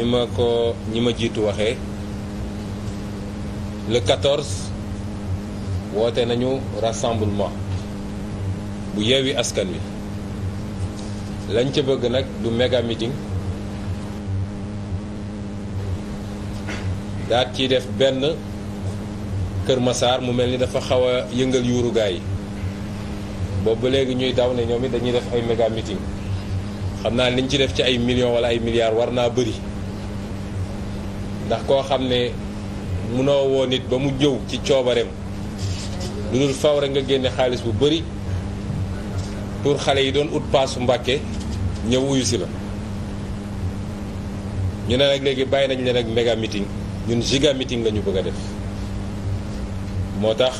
ni ma ko ñi ma jiitu waxee le 14 woote nañu rassemblement bu yeewi askan wi lañ ca bëgg nag du méga meeting daat ciy def benn Kër Massar mu mel ni dafa xaw a yëngal yuuru gaa yi boobu léegi ñuy daw ne ñoom it dañuy def ay méga xam naa liñ ci def ci ay millions wala ay milliards war naa bëri ndax koo xam ne mënoo woon nit ba mu jëw ci coobareem lu dul faw rek nga génne xaalis bu bëri pour xale yi doon ut paasu mbàkke ñëw wuyu si la ñu ne nag léegi bàyyi nañ leen ak méga ñun giga meeting la ñu bëgg a def moo tax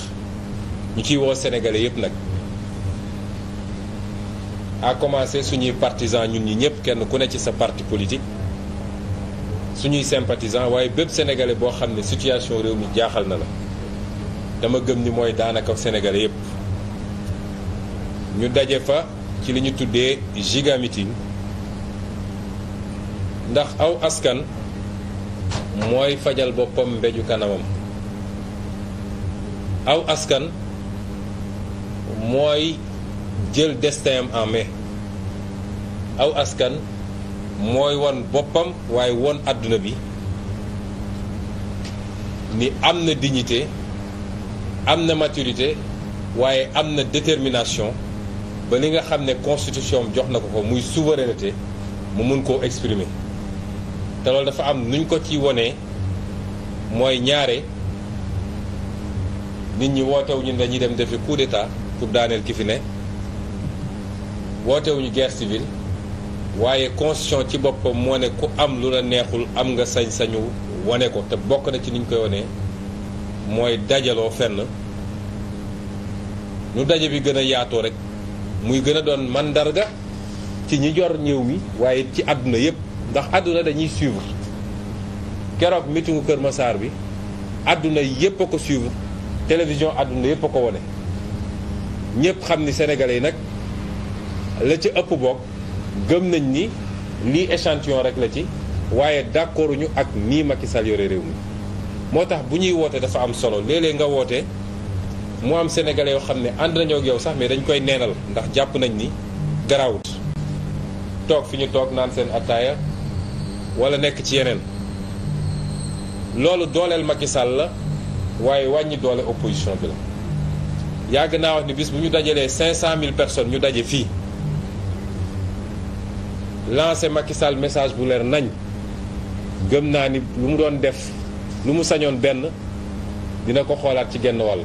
ñu ciy woo sénégalais yëpp nag à suñuy partisans ñun ñi ñëpp kenn ku ne ci sa parti politique suñuy sympathisant waaye bépp sénégalais boo xam ne situation réew mi jaaxal na la dama gëm ni mooy daanaka sénégalais yépp ñu daje fa ci li ñu tuddee giga meeting ndax aw askan mooy fajal boppam mbéju kanamam aw askan mooy jël destin am en main aw askan mooy won boppam waaye won àdduna bi ni am na dignité am na maturité waaye am na détermination ba li nga xam ne constitution jox na ko ko muy souveraineté mu mun koo exprimer te loolu dafa am nuñ ko ci wonee mooy ñaare nit ñi wootewuñu dañuy dem defi coup d'état pour daaneel ki fi ne wootewuñu guerre civile waaye constitution ci boppam moo ne ku am lu la neexul am nga sañ-sañu wone ko te bokk na ci niñ koy wane mooy dajaloo fenn nu daje bi gën a yaatoo rek muy gën a doon mandarga ci ñi jor ñëw mi waaye ci àdduna yépp ndax àdduna dañuy suivre keroog meetingu Kër Massar bi àdduna yépp a ko suivre télévision àdduna yépp a ko wone ñépp xam ni sénégalais yi nag la ci ëpp bokk gëm nañ ni lii échantillon rek la ci waaye d'accord ñu ak nii Macky Sall yore réew mi moo tax bu ñuy woote dafa am solo léeg nga woote mu am sénégalais yoo xam ne ànd nañoo ak yow sax mais dañ koy neenal ndax jàpp nañ ni garaawut toog fi ñu toog naan seen attaaya wala nekk ci yeneen loolu dooleel Macky Sall la waaye wàññi doole opposition bi la yàgg naa wax ni bis bu ñu dajalee 500000 personnes ñu daje fii lancé Macky message bu leer nañ gëm naa ni lu mu doon def lu mu sañoon benn dina ko xoolaat ci genn wàll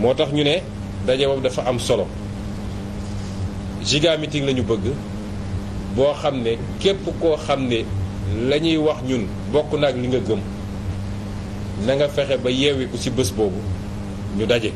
moo tax ñu ne daje boobu dafa am solo giga lañu bëgg boo xam ne képp koo xam ne la ñuy wax ñun bokk na ak li nga gëm na fexe ba yeewi ku ci bés boobu ñu daje